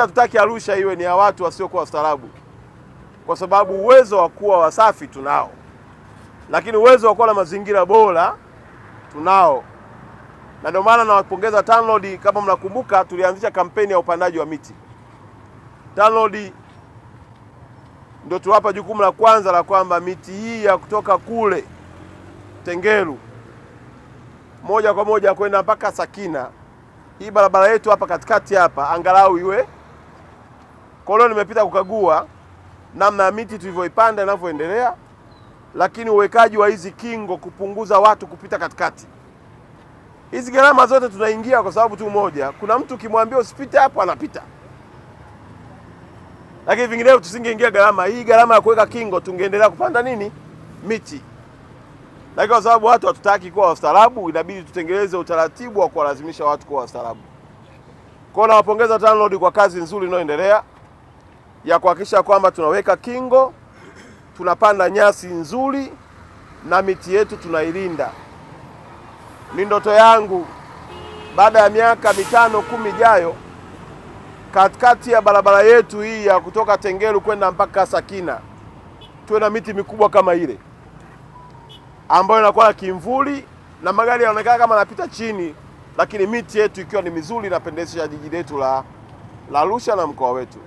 Sisi hatutaki Arusha iwe ni ya watu wasiokuwa wastaarabu, kwa sababu uwezo wa kuwa wasafi tunao, lakini uwezo wa kuwa na mazingira bora tunao, na ndio maana nawapongeza TANROADS. Kama mnakumbuka, tulianzisha kampeni ya upandaji wa miti. TANROADS ndio tuwapa jukumu la kwanza la kwamba miti hii ya kutoka kule Tengeru moja kwa moja kwenda mpaka Sakina, hii barabara yetu hapa katikati hapa angalau iwe kwa hiyo nimepita kukagua namna ya miti tulivyoipanda inavyoendelea, lakini uwekaji wa hizi kingo kupunguza watu kupita katikati. Hizi gharama zote tunaingia kwa sababu tu moja, kuna mtu ukimwambia usipite hapo anapita, lakini vinginevyo tusingeingia gharama hii. Gharama ya kuweka kingo tungeendelea kupanda nini miti, lakini kwa sababu watu hatutaki kuwa wastaarabu, inabidi tutengeleze utaratibu wa kuwalazimisha watu kuwa wastaarabu. Kwa hiyo nawapongeza TANROADS kwa kazi nzuri inayoendelea ya kuhakikisha kwamba tunaweka kingo, tunapanda nyasi nzuri na miti yetu tunailinda. Ni ndoto yangu baada ya miaka mitano kumi ijayo, katikati ya barabara yetu hii ya kutoka Tengeru kwenda mpaka Sakina tuwe na miti mikubwa kama ile ambayo inakuwa na kimvuli na magari yanaonekana kama yanapita chini, lakini miti yetu ikiwa ni mizuri inapendezesha jiji letu la Arusha na mkoa wetu.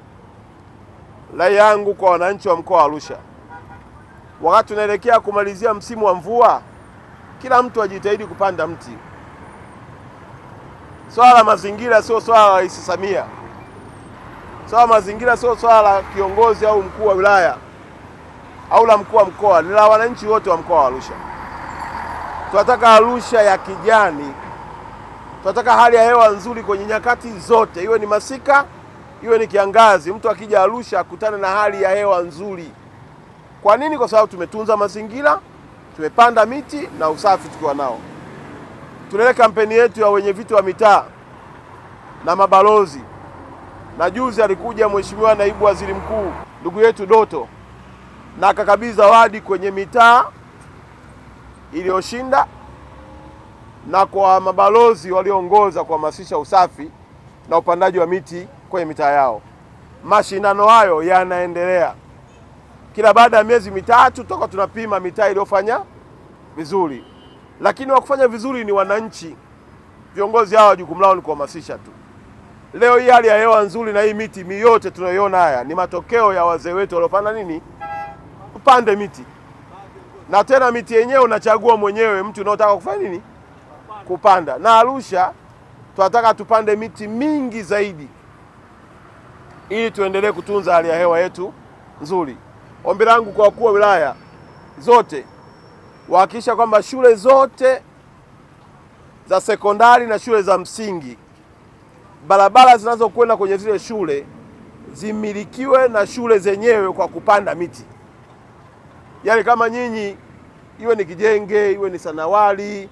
Rai yangu kwa wananchi wa mkoa wa Arusha, wakati tunaelekea kumalizia msimu wa mvua, kila mtu ajitahidi kupanda mti. Swala la mazingira sio swala la Rais Samia, swala la mazingira sio swala la kiongozi au mkuu wa wilaya au la mkuu wa mkoa, ni la wananchi wote wa mkoa wa Arusha. Tunataka Arusha ya kijani, tunataka hali ya hewa nzuri kwenye nyakati zote, iwe ni masika iwe ni kiangazi, mtu akija Arusha akutane na hali ya hewa nzuri. Kwa nini? Kwa sababu tumetunza mazingira, tumepanda miti na usafi tukiwa nao. Tuna kampeni yetu ya wenye viti wa mitaa na mabalozi, na juzi alikuja Mheshimiwa Naibu Waziri Mkuu ndugu yetu Doto na akakabidhi zawadi kwenye mitaa iliyoshinda na kwa mabalozi walioongoza kuhamasisha usafi na upandaji wa miti kwenye mitaa yao. Mashindano hayo yanaendelea kila baada ya miezi mitatu, toka tunapima mitaa iliyofanya vizuri, lakini wa kufanya vizuri ni wananchi. Viongozi hawa jukumu lao ni kuhamasisha tu. Leo hii hali ya hewa nzuri na hii miti miyote tunayoiona, haya ni matokeo ya wazee wetu waliopanda nini, upande miti, na tena miti yenyewe unachagua mwenyewe mtu unaotaka kufanya nini, kupanda. Na Arusha tunataka tupande miti mingi zaidi ili tuendelee kutunza hali ya hewa yetu nzuri. Ombi langu kwa wakuu wa wilaya zote wahakikisha kwamba shule zote za sekondari na shule za msingi, barabara zinazokwenda kwenye zile shule zimilikiwe na shule zenyewe kwa kupanda miti. Yaani kama nyinyi, iwe ni Kijenge, iwe ni Sanawali,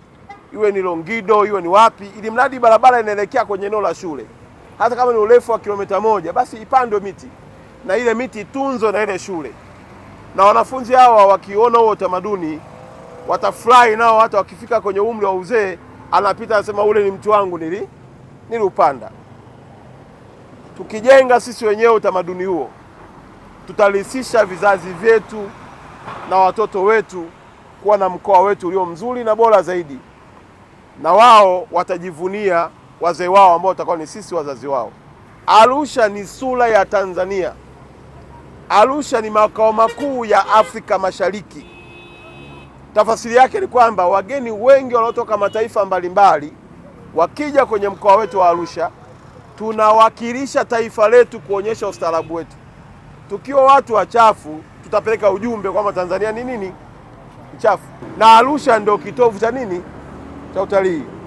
iwe ni Longido, iwe ni wapi, ili mradi barabara inaelekea kwenye eneo la shule hata kama ni urefu wa kilomita moja, basi ipandwe miti na ile miti itunzwe na ile shule, na wanafunzi hawa wakiona huo utamaduni watafurahi nao, hata wakifika kwenye umri wa uzee, anapita anasema, ule ni mti wangu nili niliupanda. Tukijenga sisi wenyewe utamaduni huo, tutalisisha vizazi vyetu na watoto wetu kuwa na mkoa wetu ulio mzuri na bora zaidi, na wao watajivunia wazee wao ambao watakuwa ni sisi wazazi wao. Arusha ni sura ya Tanzania. Arusha ni makao makuu ya Afrika Mashariki. Tafasiri yake ni kwamba wageni wengi wanaotoka mataifa mbalimbali wakija kwenye mkoa wetu wa Arusha, tunawakilisha taifa letu kuonyesha ustaarabu wetu. Tukiwa watu wachafu, tutapeleka ujumbe kwamba Tanzania ni nini? Chafu. Na Arusha ndio kitovu cha nini? Cha utalii.